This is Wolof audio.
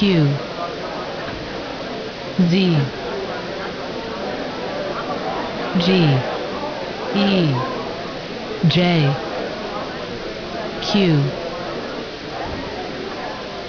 Q Z G E J Q